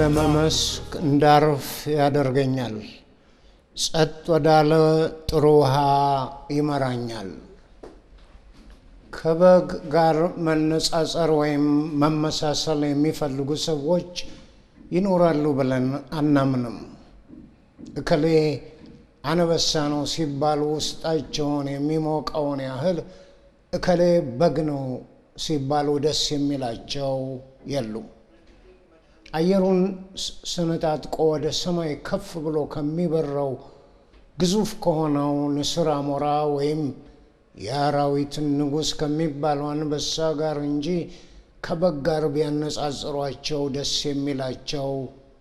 ለመመስክ እንዳርፍ ያደርገኛል። ጸጥ ወዳለ ጥሩ ውሃ ይመራኛል። ከበግ ጋር መነጻጸር ወይም መመሳሰል የሚፈልጉ ሰዎች ይኖራሉ ብለን አናምንም። እከሌ አነበሳ ነው ሲባሉ ውስጣቸውን የሚሞቀውን ያህል እከሌ በግ ነው ሲባሉ ደስ የሚላቸው የሉም። አየሩን ስነጣጥቆ ወደ ሰማይ ከፍ ብሎ ከሚበረው ግዙፍ ከሆነው ንስር አሞራ ወይም የአራዊትን ንጉሥ ከሚባለው አንበሳ ጋር እንጂ ከበግ ጋር ቢያነጻጽሯቸው ደስ የሚላቸው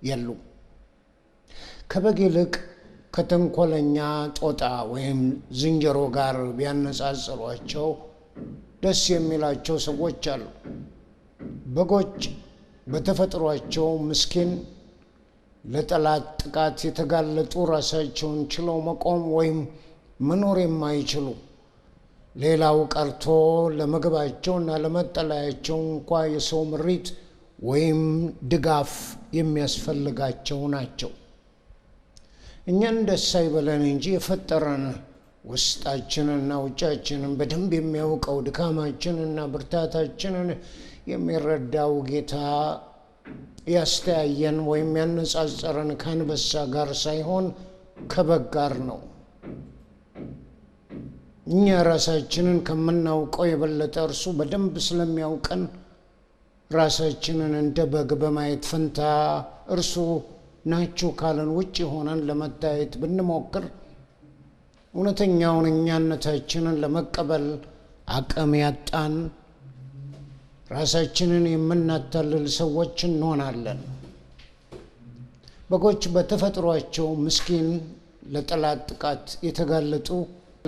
የሉ። ከበግ ይልቅ ከተንኮለኛ ጦጣ ወይም ዝንጀሮ ጋር ቢያነጻጽሯቸው ደስ የሚላቸው ሰዎች አሉ። በጎች በተፈጥሯቸው ምስኪን ለጠላት ጥቃት የተጋለጡ ራሳቸውን ችለው መቆም ወይም መኖር የማይችሉ ሌላው ቀርቶ ለምግባቸውና ለመጠለያቸው እንኳ የሰው ምሪት ወይም ድጋፍ የሚያስፈልጋቸው ናቸው። እኛን ደስ አይበለን እንጂ የፈጠረን ውስጣችንና ውጫችንን በደንብ የሚያውቀው ድካማችንና ብርታታችንን የሚረዳው ጌታ ያስተያየን ወይም ያነጻጸረን ከአንበሳ ጋር ሳይሆን ከበግ ጋር ነው። እኛ ራሳችንን ከምናውቀው የበለጠ እርሱ በደንብ ስለሚያውቀን ራሳችንን እንደ በግ በማየት ፈንታ እርሱ ናችሁ ካለን ውጭ ሆነን ለመታየት ብንሞክር እውነተኛውን እኛነታችንን ለመቀበል አቅም ያጣን ራሳችንን የምናታልል ሰዎች እንሆናለን። በጎች በተፈጥሯቸው ምስኪን፣ ለጠላት ጥቃት የተጋለጡ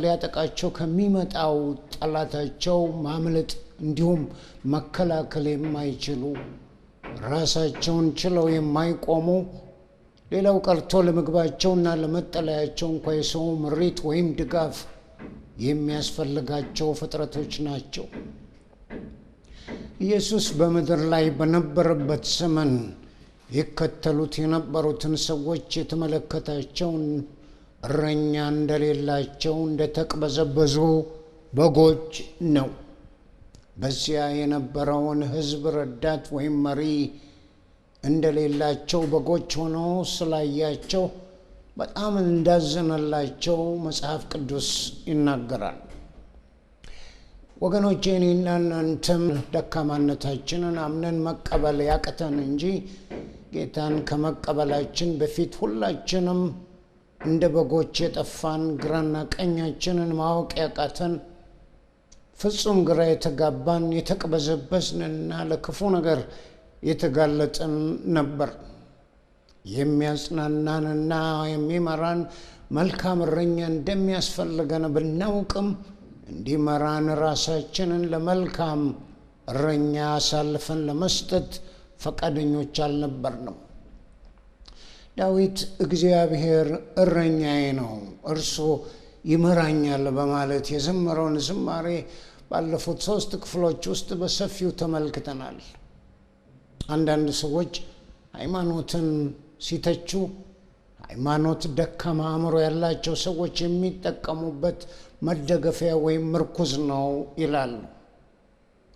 ሊያጠቃቸው ከሚመጣው ጠላታቸው ማምለጥ እንዲሁም መከላከል የማይችሉ ራሳቸውን ችለው የማይቆሙ ሌላው ቀርቶ ለምግባቸውና ለመጠለያቸው እንኳ የሰው ምሪት ወይም ድጋፍ የሚያስፈልጋቸው ፍጥረቶች ናቸው። ኢየሱስ በምድር ላይ በነበረበት ዘመን ይከተሉት የነበሩትን ሰዎች የተመለከታቸውን እረኛ እንደሌላቸው እንደተቅበዘበዙ በጎች ነው። በዚያ የነበረውን ሕዝብ ረዳት ወይም መሪ እንደሌላቸው በጎች ሆኖ ስላያቸው በጣም እንዳዘነላቸው መጽሐፍ ቅዱስ ይናገራል። ወገኖቼ እኔና እናንተም ደካማነታችንን አምነን መቀበል ያቅተን እንጂ ጌታን ከመቀበላችን በፊት ሁላችንም እንደ በጎች የጠፋን ግራና ቀኛችንን ማወቅ ያቃተን ፍጹም ግራ የተጋባን የተቅበዘበዝንና ለክፉ ነገር የተጋለጥን ነበር። የሚያጽናናንና የሚመራን መልካም እረኛ እንደሚያስፈልገን ብናውቅም እንዲመራን ራሳችንን ለመልካም እረኛ አሳልፈን ለመስጠት ፈቃደኞች አልነበርንም። ዳዊት እግዚአብሔር እረኛዬ ነው፣ እርሱ ይመራኛል በማለት የዘመረውን ዝማሬ ባለፉት ሶስት ክፍሎች ውስጥ በሰፊው ተመልክተናል። አንዳንድ ሰዎች ሃይማኖትን ሲተቹ ሃይማኖት ደካማ አእምሮ ያላቸው ሰዎች የሚጠቀሙበት መደገፊያ ወይም ምርኩዝ ነው ይላሉ።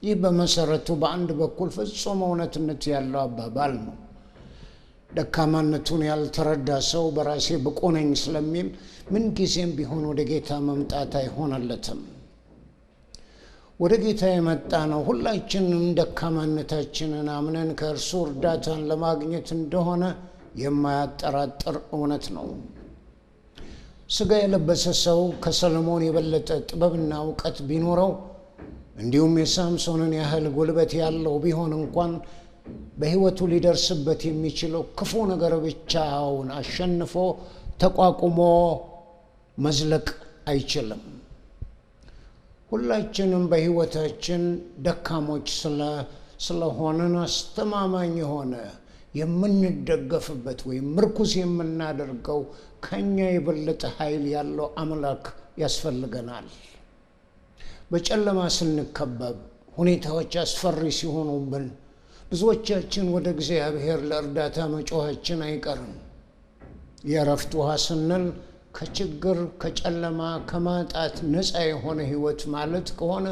ይህ በመሰረቱ በአንድ በኩል ፍጹም እውነትነት ያለው አባባል ነው። ደካማነቱን ያልተረዳ ሰው በራሴ ብቁ ነኝ ስለሚል ምንጊዜም ቢሆን ወደ ጌታ መምጣት አይሆነለትም። ወደ ጌታ የመጣ ነው ሁላችንም ደካማነታችንን አምነን ከእርሱ እርዳታን ለማግኘት እንደሆነ የማያጠራጥር እውነት ነው። ሥጋ የለበሰ ሰው ከሰለሞን የበለጠ ጥበብና እውቀት ቢኖረው እንዲሁም የሳምሶንን ያህል ጉልበት ያለው ቢሆን እንኳን በሕይወቱ ሊደርስበት የሚችለው ክፉ ነገር ብቻውን አሸንፎ ተቋቁሞ መዝለቅ አይችልም። ሁላችንም በሕይወታችን ደካሞች ስለሆንን አስተማማኝ የሆነ የምንደገፍበት ወይም ምርኩስ የምናደርገው ከኛ የበለጠ ኃይል ያለው አምላክ ያስፈልገናል። በጨለማ ስንከበብ ሁኔታዎች አስፈሪ ሲሆኑብን ብዙዎቻችን ወደ እግዚአብሔር ለእርዳታ መጮኋችን አይቀርም። የእረፍት ውሃ ስንል ከችግር ከጨለማ ከማጣት ነፃ የሆነ ህይወት ማለት ከሆነ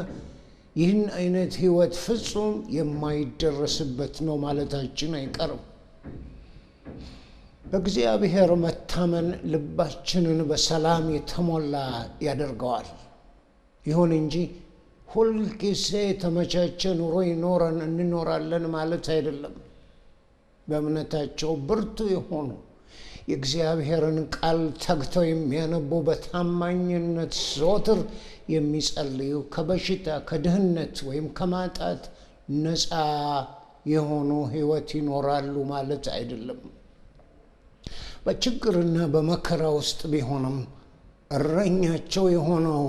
ይህን አይነት ህይወት ፍጹም የማይደረስበት ነው ማለታችን አይቀርም። በእግዚአብሔር መታመን ልባችንን በሰላም የተሞላ ያደርገዋል። ይሁን እንጂ ሁልጊዜ የተመቻቸ ኑሮ ይኖረን እንኖራለን ማለት አይደለም። በእምነታቸው ብርቱ የሆኑ የእግዚአብሔርን ቃል ተግተው የሚያነቡ በታማኝነት ዘወትር የሚጸልዩ ከበሽታ ከድህነት ወይም ከማጣት ነፃ የሆኑ ህይወት ይኖራሉ ማለት አይደለም። በችግርና በመከራ ውስጥ ቢሆንም እረኛቸው የሆነው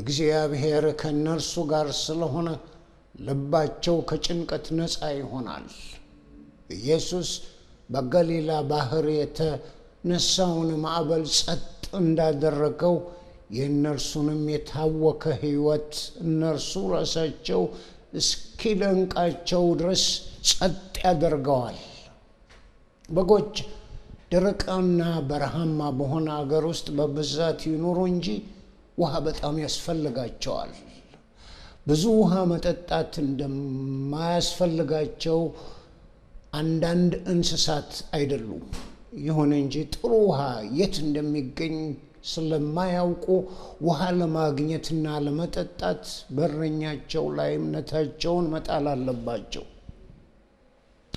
እግዚአብሔር ከእነርሱ ጋር ስለሆነ ልባቸው ከጭንቀት ነፃ ይሆናል። ኢየሱስ በገሊላ ባህር የተነሳውን ማዕበል ጸጥ እንዳደረገው የእነርሱንም የታወከ ህይወት እነርሱ ራሳቸው እስኪደንቃቸው ድረስ ጸጥ ያደርገዋል። በጎች ደረቃና በረሃማ በሆነ አገር ውስጥ በብዛት ይኖሩ እንጂ ውሃ በጣም ያስፈልጋቸዋል። ብዙ ውሃ መጠጣት እንደማያስፈልጋቸው አንዳንድ እንስሳት አይደሉም። ይሁን እንጂ ጥሩ ውሃ የት እንደሚገኝ ስለማያውቁ ውሃ ለማግኘትና ለመጠጣት በእረኛቸው ላይ እምነታቸውን መጣል አለባቸው።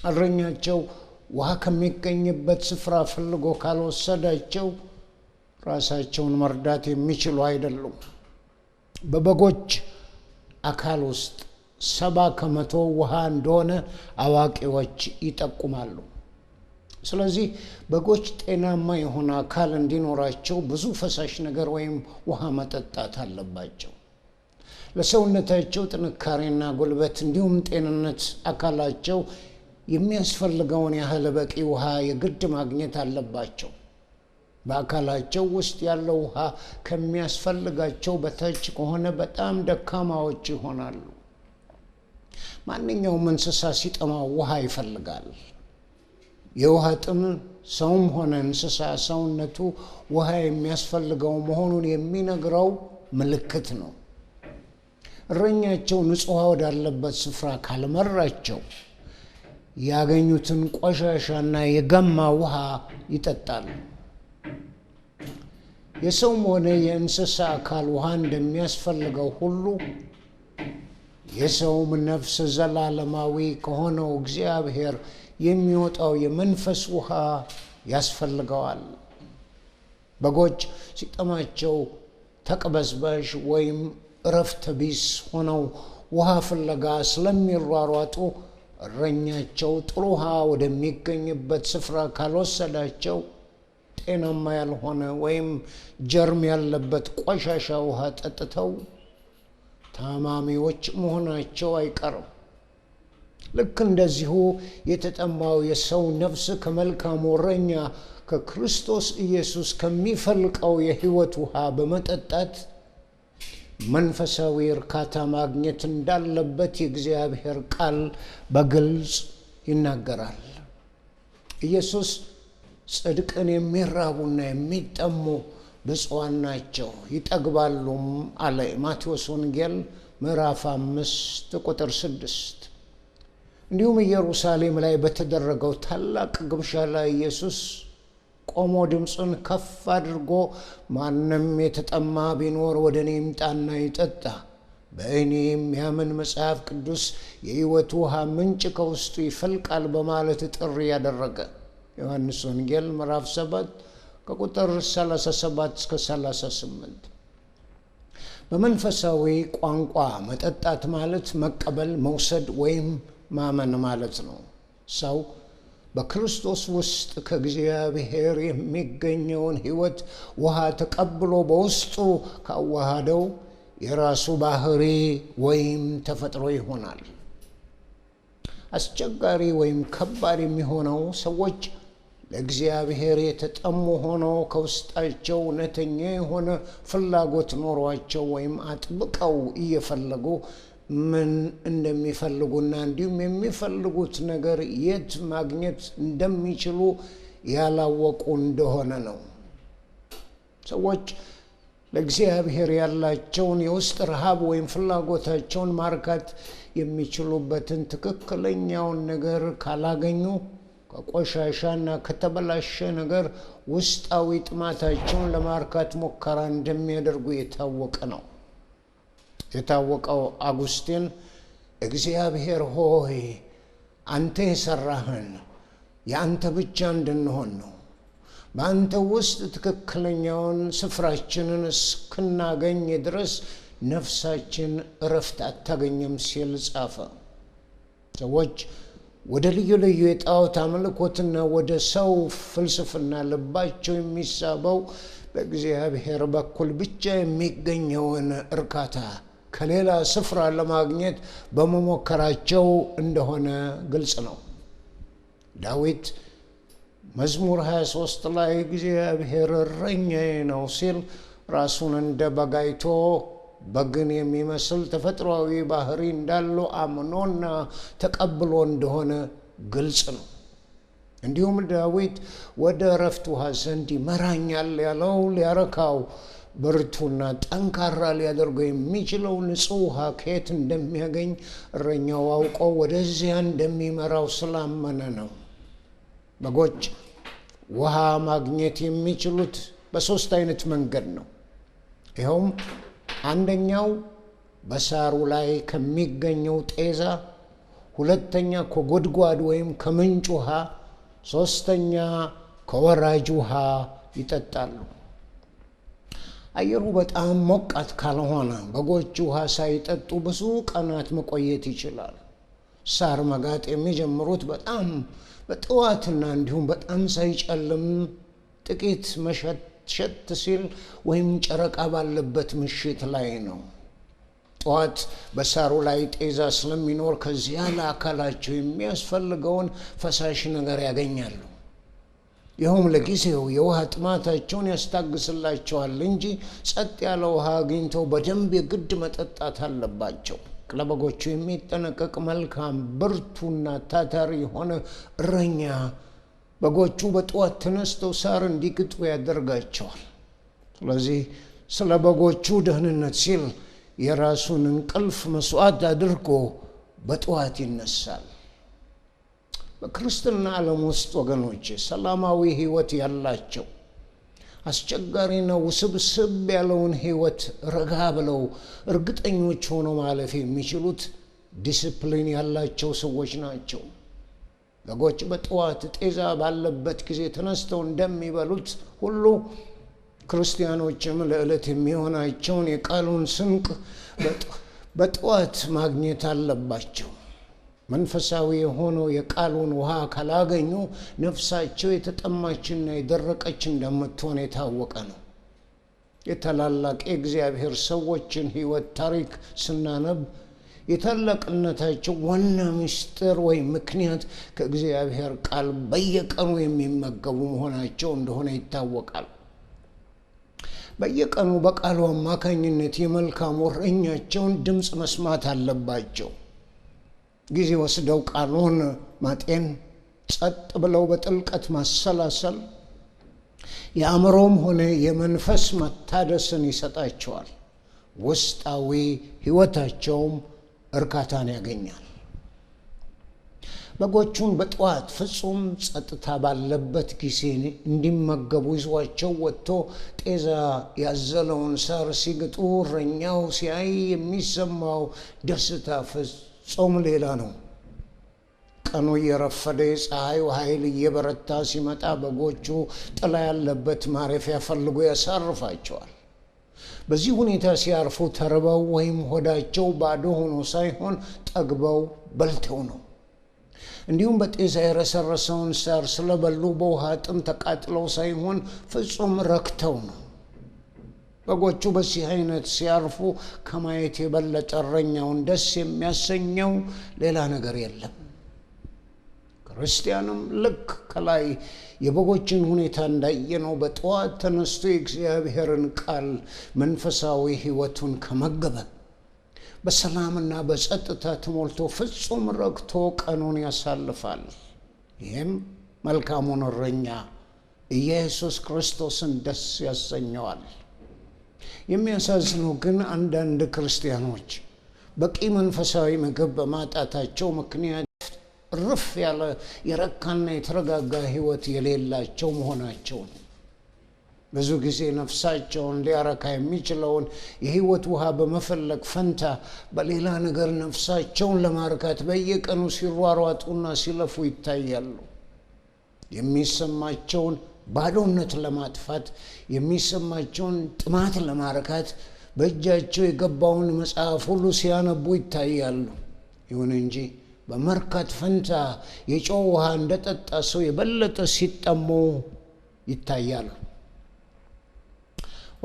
እረኛቸው ውሃ ከሚገኝበት ስፍራ ፈልጎ ካልወሰዳቸው ራሳቸውን መርዳት የሚችሉ አይደሉም። በበጎች አካል ውስጥ ሰባ ከመቶ ውሃ እንደሆነ አዋቂዎች ይጠቁማሉ። ስለዚህ በጎች ጤናማ የሆነ አካል እንዲኖራቸው ብዙ ፈሳሽ ነገር ወይም ውሃ መጠጣት አለባቸው። ለሰውነታቸው ጥንካሬና ጉልበት እንዲሁም ጤንነት አካላቸው የሚያስፈልገውን ያህል በቂ ውሃ የግድ ማግኘት አለባቸው። በአካላቸው ውስጥ ያለው ውሃ ከሚያስፈልጋቸው በታች ከሆነ በጣም ደካማዎች ይሆናሉ። ማንኛውም እንስሳ ሲጠማው ውሃ ይፈልጋል። የውሃ ጥም ሰውም ሆነ እንስሳ ሰውነቱ ውሃ የሚያስፈልገው መሆኑን የሚነግረው ምልክት ነው። እረኛቸው ንጹሕ ውሃ ወዳለበት ስፍራ ካልመራቸው ያገኙትን ቆሻሻና የገማ ውሃ ይጠጣሉ። የሰውም ሆነ የእንስሳ አካል ውሃ እንደሚያስፈልገው ሁሉ የሰውም ነፍስ ዘላለማዊ ከሆነው እግዚአብሔር የሚወጣው የመንፈስ ውሃ ያስፈልገዋል። በጎች ሲጠማቸው ተቅበዝበዥ ወይም እረፍት ቢስ ሆነው ውሃ ፍለጋ ስለሚሯሯጡ እረኛቸው ጥሩ ውሃ ወደሚገኝበት ስፍራ ካልወሰዳቸው ጤናማ ያልሆነ ወይም ጀርም ያለበት ቆሻሻ ውሃ ጠጥተው ታማሚዎች መሆናቸው አይቀርም። ልክ እንደዚሁ የተጠማው የሰው ነፍስ ከመልካም ወረኛ ከክርስቶስ ኢየሱስ ከሚፈልቀው የህይወት ውሃ በመጠጣት መንፈሳዊ እርካታ ማግኘት እንዳለበት የእግዚአብሔር ቃል በግልጽ ይናገራል። ኢየሱስ ጽድቅን የሚራቡና የሚጠሙ ብፅዋን ናቸው ይጠግባሉም አለ። ማቴዎስ ወንጌል ምዕራፍ አምስት ቁጥር ስድስት እንዲሁም ኢየሩሳሌም ላይ በተደረገው ታላቅ ግብዣ ላይ ኢየሱስ ቆሞ ድምፁን ከፍ አድርጎ ማንም የተጠማ ቢኖር ወደ እኔ ይምጣና ይጠጣ፣ በእኔ የሚያምን መጽሐፍ ቅዱስ የሕይወት ውሃ ምንጭ ከውስጡ ይፈልቃል በማለት ጥሪ ያደረገ ዮሐንስ ወንጌል ምዕራፍ 7 ከቁጥር 37 እስከ 38። በመንፈሳዊ ቋንቋ መጠጣት ማለት መቀበል፣ መውሰድ ወይም ማመን ማለት ነው። ሰው በክርስቶስ ውስጥ ከእግዚአብሔር የሚገኘውን ሕይወት ውሃ ተቀብሎ በውስጡ ካዋሃደው የራሱ ባህሪ ወይም ተፈጥሮ ይሆናል። አስቸጋሪ ወይም ከባድ የሚሆነው ሰዎች ለእግዚአብሔር የተጠሙ ሆነው ከውስጣቸው እውነተኛ የሆነ ፍላጎት ኖሯቸው ወይም አጥብቀው እየፈለጉ ምን እንደሚፈልጉና እንዲሁም የሚፈልጉት ነገር የት ማግኘት እንደሚችሉ ያላወቁ እንደሆነ ነው። ሰዎች ለእግዚአብሔር ያላቸውን የውስጥ ረሃብ ወይም ፍላጎታቸውን ማርካት የሚችሉበትን ትክክለኛውን ነገር ካላገኙ ከቆሻሻና ከተበላሸ ነገር ውስጣዊ ጥማታቸውን ለማርካት ሙከራ እንደሚያደርጉ የታወቀ ነው። የታወቀው አጉስቲን እግዚአብሔር ሆይ አንተ የሰራህን የአንተ ብቻ እንድንሆን ነው። በአንተ ውስጥ ትክክለኛውን ስፍራችንን እስክናገኝ ድረስ ነፍሳችን እረፍት አታገኝም ሲል ጻፈ። ሰዎች ወደ ልዩ ልዩ የጣዖት አምልኮትና ወደ ሰው ፍልስፍና ልባቸው የሚሳበው በእግዚአብሔር በኩል ብቻ የሚገኘውን እርካታ ከሌላ ስፍራ ለማግኘት በመሞከራቸው እንደሆነ ግልጽ ነው። ዳዊት መዝሙር 23 ላይ እግዚአብሔር እረኛዬ ነው ሲል ራሱን እንደ በጋይቶ በግን የሚመስል ተፈጥሯዊ ባህሪ እንዳለው አምኖና ተቀብሎ እንደሆነ ግልጽ ነው። እንዲሁም ዳዊት ወደ እረፍት ውሃ ዘንድ ይመራኛል ያለው ሊያረካው ብርቱና ጠንካራ ሊያደርገው የሚችለው ንጹህ ውሃ ከየት እንደሚያገኝ እረኛው አውቆ ወደዚያ እንደሚመራው ስላመነ ነው። በጎች ውሃ ማግኘት የሚችሉት በሦስት አይነት መንገድ ነው። ይኸውም አንደኛው በሳሩ ላይ ከሚገኘው ጤዛ፣ ሁለተኛ ከጉድጓድ ወይም ከምንጭ ውሃ፣ ሦስተኛ ከወራጅ ውሃ ይጠጣሉ። አየሩ በጣም ሞቃት ካልሆነ በጎች ውሃ ሳይጠጡ ብዙ ቀናት መቆየት ይችላል። ሳር መጋጥ የሚጀምሩት በጣም በጠዋትና እንዲሁም በጣም ሳይጨልም ጥቂት መሸትሸት ሲል ወይም ጨረቃ ባለበት ምሽት ላይ ነው። ጠዋት በሳሩ ላይ ጤዛ ስለሚኖር ከዚያ ለአካላቸው የሚያስፈልገውን ፈሳሽ ነገር ያገኛሉ። ይኸውም ለጊዜው የውሃ ጥማታቸውን ያስታግስላቸዋል እንጂ ጸጥ ያለ ውሃ አግኝተው በደንብ የግድ መጠጣት አለባቸው። ለበጎቹ የሚጠነቀቅ መልካም፣ ብርቱና ታታሪ የሆነ እረኛ በጎቹ በጠዋት ተነስተው ሳር እንዲግጡ ያደርጋቸዋል። ስለዚህ ስለ በጎቹ ደህንነት ሲል የራሱን እንቅልፍ መስዋዕት አድርጎ በጠዋት ይነሳል። በክርስትና ዓለም ውስጥ ወገኖቼ ሰላማዊ ህይወት ያላቸው አስቸጋሪ ነው ውስብስብ ያለውን ህይወት ረጋ ብለው እርግጠኞች ሆነው ማለፍ የሚችሉት ዲስፕሊን ያላቸው ሰዎች ናቸው። በጎች በጠዋት ጤዛ ባለበት ጊዜ ተነስተው እንደሚበሉት ሁሉ ክርስቲያኖችም ለዕለት የሚሆናቸውን የቃሉን ስንቅ በጠዋት ማግኘት አለባቸው። መንፈሳዊ የሆነው የቃሉን ውሃ ካላገኙ ነፍሳቸው የተጠማችና የደረቀች እንደምትሆን የታወቀ ነው። የታላላቅ የእግዚአብሔር ሰዎችን ሕይወት ታሪክ ስናነብ የታላቅነታቸው ዋና ምስጢር ወይም ምክንያት ከእግዚአብሔር ቃል በየቀኑ የሚመገቡ መሆናቸው እንደሆነ ይታወቃል። በየቀኑ በቃሉ አማካኝነት የመልካም እረኛቸውን ድምፅ መስማት አለባቸው። ጊዜ ወስደው ቃሉን ማጤን፣ ጸጥ ብለው በጥልቀት ማሰላሰል የአእምሮም ሆነ የመንፈስ መታደስን ይሰጣቸዋል። ውስጣዊ ሕይወታቸውም እርካታን ያገኛል። በጎቹን በጠዋት ፍጹም ጸጥታ ባለበት ጊዜ እንዲመገቡ ይዟቸው ወጥቶ ጤዛ ያዘለውን ሳር ሲግጡ እረኛው ሲያይ የሚሰማው ደስታ ፍጹም ጾም ሌላ ነው። ቀኑ እየረፈደ የፀሐዩ ኃይል እየበረታ ሲመጣ በጎቹ ጥላ ያለበት ማረፊያ ፈልጎ ያሳርፋቸዋል። በዚህ ሁኔታ ሲያርፉ ተርበው ወይም ሆዳቸው ባዶ ሆኖ ሳይሆን ጠግበው በልተው ነው። እንዲሁም በጤዛ የረሰረሰውን ሳር ስለበሉ በውሃ ጥም ተቃጥለው ሳይሆን ፍጹም ረክተው ነው። በጎቹ በዚህ አይነት ሲያርፉ ከማየት የበለጠ እረኛውን ደስ የሚያሰኘው ሌላ ነገር የለም። ክርስቲያንም ልክ ከላይ የበጎችን ሁኔታ እንዳየነው በጠዋት ተነስቶ የእግዚአብሔርን ቃል መንፈሳዊ ሕይወቱን ከመገበ በሰላምና በጸጥታ ተሞልቶ ፍጹም ረግቶ ቀኑን ያሳልፋል። ይህም መልካሙን እረኛ ኢየሱስ ክርስቶስን ደስ ያሰኘዋል። የሚያሳዝነው ግን አንዳንድ ክርስቲያኖች በቂ መንፈሳዊ ምግብ በማጣታቸው ምክንያት ርፍ ያለ የረካና የተረጋጋ ሕይወት የሌላቸው መሆናቸው ነው። ብዙ ጊዜ ነፍሳቸውን ሊያረካ የሚችለውን የሕይወት ውሃ በመፈለግ ፈንታ በሌላ ነገር ነፍሳቸውን ለማርካት በየቀኑ ሲሯሯጡና ሲለፉ ይታያሉ። የሚሰማቸውን ባዶነት ለማጥፋት የሚሰማቸውን ጥማት ለማረካት በእጃቸው የገባውን መጽሐፍ ሁሉ ሲያነቡ ይታያሉ። ይሁን እንጂ በመርካት ፈንታ የጨው ውሃ እንደጠጣ ሰው የበለጠ ሲጠሙ ይታያሉ።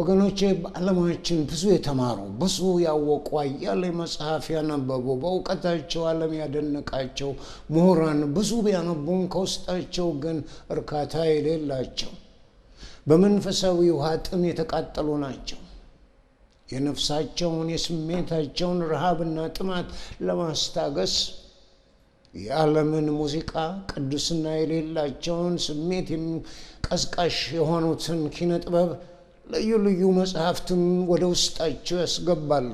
ወገኖቼ በዓለማችን ብዙ የተማሩ ብዙ ያወቁ አያሌ መጽሐፍ ያነበቡ በእውቀታቸው ዓለም ያደነቃቸው ምሁራን ብዙ ቢያነቡም ከውስጣቸው ግን እርካታ የሌላቸው በመንፈሳዊ ውሃ ጥም የተቃጠሉ ናቸው። የነፍሳቸውን የስሜታቸውን ረሃብና ጥማት ለማስታገስ የዓለምን ሙዚቃ ቅዱስና የሌላቸውን ስሜት ቀስቃሽ የሆኑትን ኪነ ጥበብ ልዩ ልዩ መጽሐፍትም ወደ ውስጣቸው ያስገባሉ።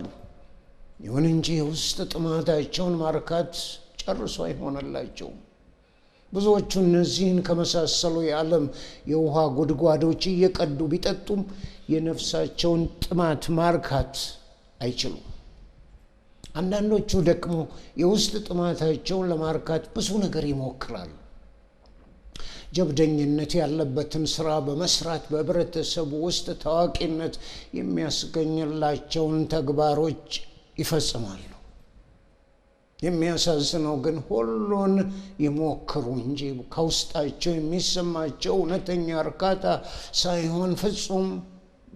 ይሁን እንጂ የውስጥ ጥማታቸውን ማርካት ጨርሶ አይሆነላቸውም። ብዙዎቹ እነዚህን ከመሳሰሉ የዓለም የውሃ ጉድጓዶች እየቀዱ ቢጠጡም የነፍሳቸውን ጥማት ማርካት አይችሉም። አንዳንዶቹ ደግሞ የውስጥ ጥማታቸውን ለማርካት ብዙ ነገር ይሞክራሉ። ጀብደኝነት ያለበትን ስራ በመስራት በህብረተሰቡ ውስጥ ታዋቂነት የሚያስገኝላቸውን ተግባሮች ይፈጽማሉ። የሚያሳዝነው ግን ሁሉን ይሞክሩ እንጂ ከውስጣቸው የሚሰማቸው እውነተኛ እርካታ ሳይሆን ፍጹም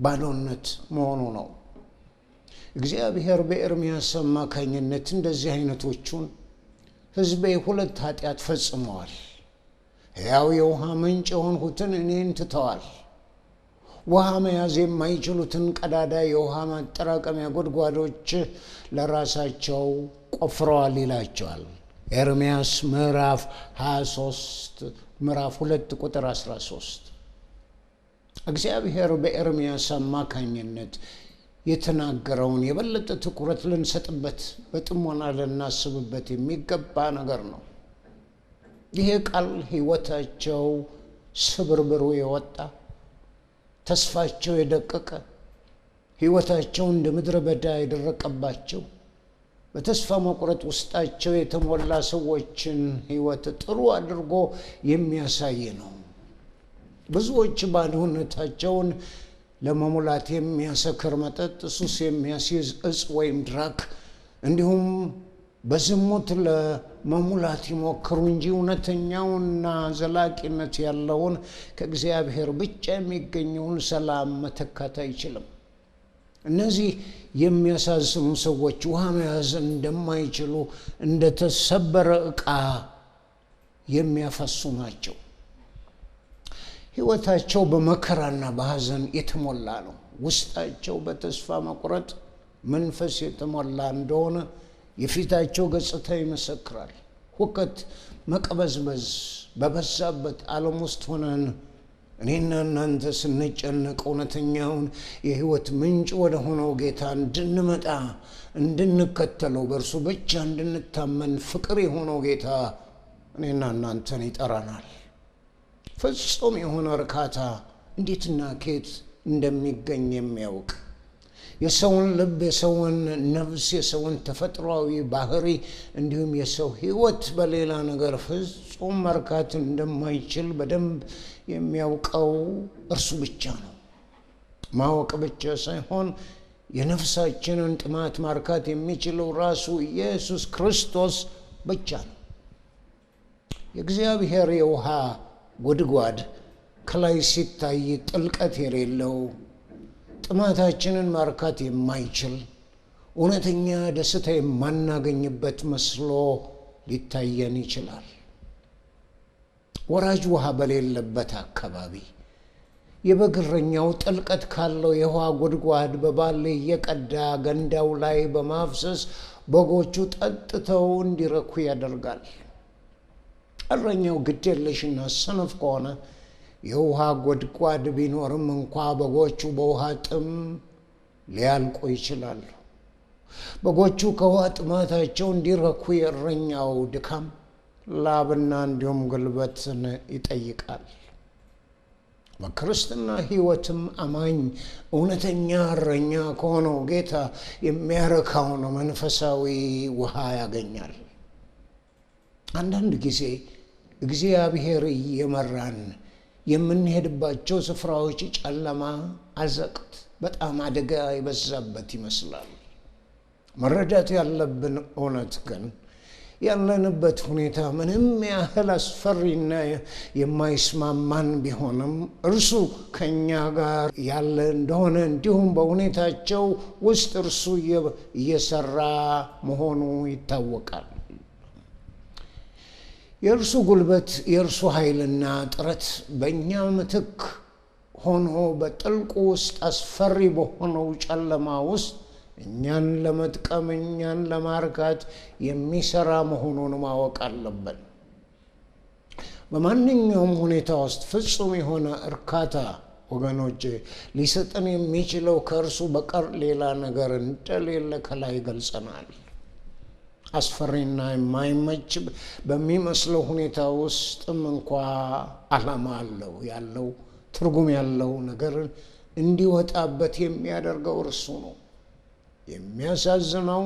ባዶነት መሆኑ ነው። እግዚአብሔር በኤርምያስ አማካኝነት እንደዚህ አይነቶቹን ህዝቤ ሁለት ኃጢአት ፈጽመዋል ሕያው የውሃ ምንጭ የሆንሁትን እኔን ትተዋል። ውሃ መያዝ የማይችሉትን ቀዳዳ የውሃ ማጠራቀሚያ ጉድጓዶች ለራሳቸው ቆፍረዋል ይላቸዋል። ኤርምያስ ምዕራፍ 23 ምዕራፍ 2 ቁጥር 13 እግዚአብሔር በኤርምያስ አማካኝነት የተናገረውን የበለጠ ትኩረት ልንሰጥበት በጥሞና ልናስብበት የሚገባ ነገር ነው። ይሄ ቃል ህይወታቸው ስብርብሩ የወጣ ተስፋቸው የደቀቀ ህይወታቸው እንደ ምድረ በዳ የደረቀባቸው በተስፋ መቁረጥ ውስጣቸው የተሞላ ሰዎችን ህይወት ጥሩ አድርጎ የሚያሳይ ነው። ብዙዎች ባዶነታቸውን ለመሙላት የሚያሰክር መጠጥ፣ ሱስ የሚያስይዝ እጽ ወይም ድራክ እንዲሁም በዝሙት ለመሙላት ይሞክሩ እንጂ እውነተኛውና ዘላቂነት ያለውን ከእግዚአብሔር ብቻ የሚገኘውን ሰላም መተካት አይችልም። እነዚህ የሚያሳዝኑ ሰዎች ውሃ መያዝ እንደማይችሉ እንደተሰበረ ዕቃ የሚያፈሱ ናቸው። ሕይወታቸው በመከራና በሐዘን የተሞላ ነው። ውስጣቸው በተስፋ መቁረጥ መንፈስ የተሞላ እንደሆነ የፊታቸው ገጽታ ይመሰክራል። ሁከት፣ መቅበዝበዝ በበዛበት ዓለም ውስጥ ሆነን እኔና እናንተ ስንጨነቅ እውነተኛውን የህይወት ምንጭ ወደ ሆነው ጌታ እንድንመጣ እንድንከተለው፣ በእርሱ ብቻ እንድንታመን ፍቅር የሆነው ጌታ እኔና እናንተን ይጠራናል። ፍጹም የሆነ እርካታ እንዴትና ኬት እንደሚገኝ የሚያውቅ የሰውን ልብ፣ የሰውን ነፍስ፣ የሰውን ተፈጥሯዊ ባህሪ እንዲሁም የሰው ህይወት በሌላ ነገር ፍጹም መርካት እንደማይችል በደንብ የሚያውቀው እርሱ ብቻ ነው። ማወቅ ብቻ ሳይሆን የነፍሳችንን ጥማት ማርካት የሚችለው ራሱ ኢየሱስ ክርስቶስ ብቻ ነው። የእግዚአብሔር የውሃ ጉድጓድ ከላይ ሲታይ ጥልቀት የሌለው ጥማታችንን ማርካት የማይችል እውነተኛ ደስታ የማናገኝበት መስሎ ሊታየን ይችላል። ወራጅ ውሃ በሌለበት አካባቢ የበግረኛው ጥልቀት ካለው የውሃ ጉድጓድ በባሌ እየቀዳ ገንዳው ላይ በማፍሰስ በጎቹ ጠጥተው እንዲረኩ ያደርጋል። እረኛው ግድ የለሽና ሰነፍ ከሆነ የውሃ ጎድጓድ ቢኖርም እንኳ በጎቹ በውሃ ጥም ሊያልቁ ይችላሉ። በጎቹ ከውሃ ጥማታቸው እንዲረኩ የእረኛው ድካም ላብና እንዲሁም ጉልበትን ይጠይቃል። በክርስትና ሕይወትም አማኝ እውነተኛ እረኛ ከሆነው ጌታ የሚያረካውን መንፈሳዊ ውሃ ያገኛል። አንዳንድ ጊዜ እግዚአብሔር እየመራን የምንሄድባቸው ስፍራዎች ጨለማ፣ አዘቅት፣ በጣም አደጋ የበዛበት ይመስላል። መረዳት ያለብን እውነት ግን ያለንበት ሁኔታ ምንም ያህል አስፈሪና የማይስማማን ቢሆንም እርሱ ከእኛ ጋር ያለ እንደሆነ እንዲሁም በሁኔታቸው ውስጥ እርሱ እየሰራ መሆኑ ይታወቃል። የእርሱ ጉልበት የእርሱ ኃይልና ጥረት በእኛ ምትክ ሆኖ በጥልቁ ውስጥ አስፈሪ በሆነው ጨለማ ውስጥ እኛን ለመጥቀም እኛን ለማርካት የሚሰራ መሆኑን ማወቅ አለብን። በማንኛውም ሁኔታ ውስጥ ፍጹም የሆነ እርካታ ወገኖቼ ሊሰጠን የሚችለው ከእርሱ በቀር ሌላ ነገር እንደሌለ ከላይ ገልጸናል። አስፈሪና የማይመች በሚመስለው ሁኔታ ውስጥም እንኳ ዓላማ አለው ያለው ትርጉም ያለው ነገር እንዲወጣበት የሚያደርገው እርሱ ነው። የሚያሳዝነው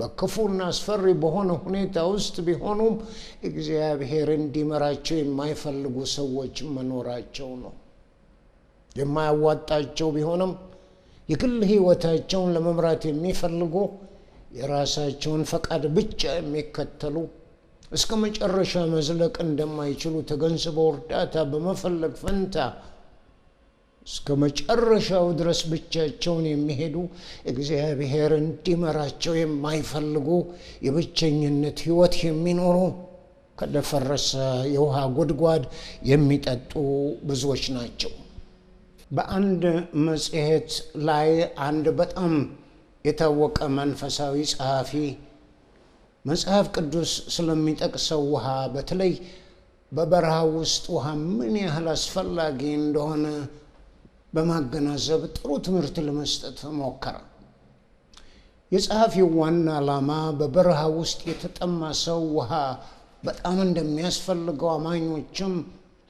በክፉና አስፈሪ በሆነ ሁኔታ ውስጥ ቢሆኑም እግዚአብሔር እንዲመራቸው የማይፈልጉ ሰዎች መኖራቸው ነው። የማያዋጣቸው ቢሆንም የግል ሕይወታቸውን ለመምራት የሚፈልጉ የራሳቸውን ፈቃድ ብቻ የሚከተሉ እስከ መጨረሻ መዝለቅ እንደማይችሉ ተገንዝበው እርዳታ በመፈለግ ፈንታ እስከ መጨረሻው ድረስ ብቻቸውን የሚሄዱ እግዚአብሔር እንዲመራቸው የማይፈልጉ የብቸኝነት ሕይወት የሚኖሩ ከደፈረሰ የውሃ ጉድጓድ የሚጠጡ ብዙዎች ናቸው። በአንድ መጽሔት ላይ አንድ በጣም የታወቀ መንፈሳዊ ጸሐፊ መጽሐፍ ቅዱስ ስለሚጠቅሰው ውሃ በተለይ በበረሃ ውስጥ ውሃ ምን ያህል አስፈላጊ እንደሆነ በማገናዘብ ጥሩ ትምህርት ለመስጠት ሞከረ። የጸሐፊው ዋና ዓላማ በበረሃ ውስጥ የተጠማ ሰው ውሃ በጣም እንደሚያስፈልገው፣ አማኞችም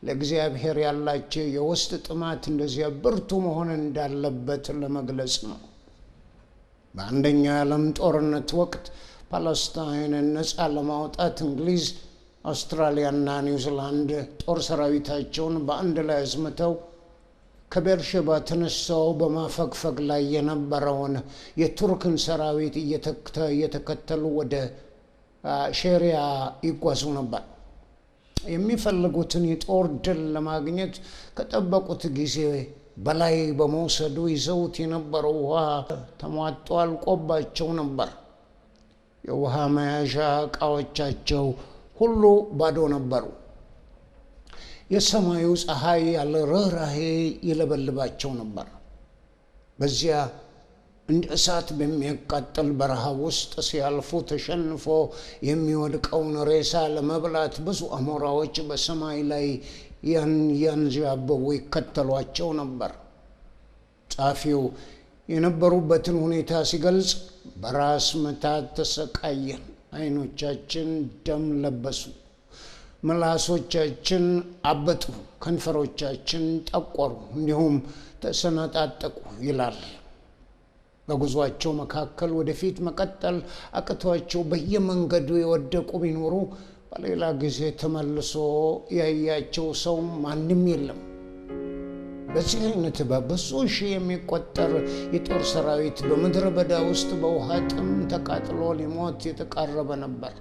ለእግዚአብሔር ያላቸው የውስጥ ጥማት እንደዚያ ብርቱ መሆን እንዳለበት ለመግለጽ ነው። በአንደኛው የዓለም ጦርነት ወቅት ፓለስታይንን ነፃ ለማውጣት እንግሊዝ፣ አውስትራሊያና ኒውዚላንድ ጦር ሰራዊታቸውን በአንድ ላይ አዝምተው ከቤርሼባ ተነሳው በማፈግፈግ ላይ የነበረውን የቱርክን ሰራዊት እየተከተሉ ወደ ሼሪያ ይጓዙ ነበር። የሚፈልጉትን የጦር ድል ለማግኘት ከጠበቁት ጊዜ በላይ በመውሰዱ ይዘውት የነበረው ውሃ ተሟጦ አልቆባቸው ነበር። የውሃ መያዣ እቃዎቻቸው ሁሉ ባዶ ነበሩ። የሰማዩ ፀሐይ ያለ ርኅራሄ ይለበልባቸው ነበር። በዚያ እንደ እሳት በሚያቃጥል በረሃ ውስጥ ሲያልፉ ተሸንፎ የሚወድቀውን ሬሳ ለመብላት ብዙ አሞራዎች በሰማይ ላይ ያንዣበቡ ይከተሏቸው ነበር። ጻፊው የነበሩበትን ሁኔታ ሲገልጽ በራስ ምታት ተሰቃየን፣ አይኖቻችን ደም ለበሱ፣ ምላሶቻችን አበጡ፣ ከንፈሮቻችን ጠቆሩ፣ እንዲሁም ተሰነጣጠቁ ይላል። በጉዟቸው መካከል ወደፊት መቀጠል አቅቷቸው በየመንገዱ የወደቁ ቢኖሩ በሌላ ጊዜ ተመልሶ ያያቸው ሰው ማንም የለም። በዚህ አይነት በብዙ ሺህ የሚቆጠር የጦር ሰራዊት በምድረ በዳ ውስጥ በውሃ ጥም ተቃጥሎ ሊሞት የተቃረበ ነበር።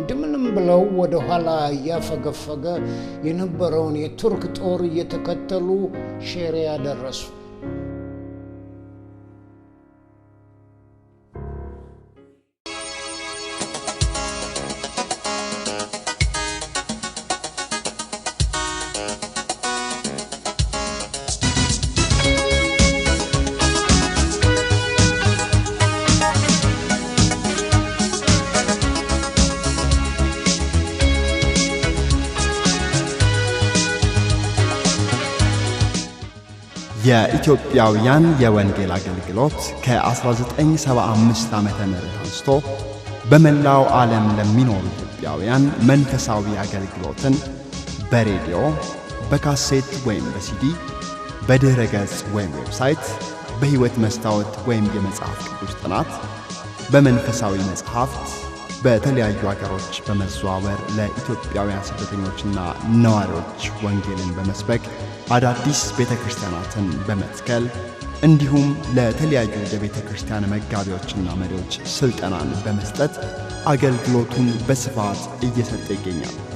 እንደምንም ብለው ወደ ኋላ እያፈገፈገ የነበረውን የቱርክ ጦር እየተከተሉ ሼሪያ ደረሱ። የኢትዮጵያውያን የወንጌል አገልግሎት ከ1975 ዓ ም አንስቶ በመላው ዓለም ለሚኖሩ ኢትዮጵያውያን መንፈሳዊ አገልግሎትን በሬዲዮ በካሴት ወይም በሲዲ በድኅረ ገጽ ወይም ዌብሳይት በሕይወት መስታወት ወይም የመጽሐፍ ቅዱስ ጥናት በመንፈሳዊ መጽሐፍት በተለያዩ አገሮች በመዘዋወር ለኢትዮጵያውያን ስደተኞችና ነዋሪዎች ወንጌልን በመስበክ አዳዲስ ቤተ ክርስቲያናትን በመትከል እንዲሁም ለተለያዩ የቤተ ክርስቲያን መጋቢዎችና መሪዎች ስልጠናን በመስጠት አገልግሎቱን በስፋት እየሰጠ ይገኛል።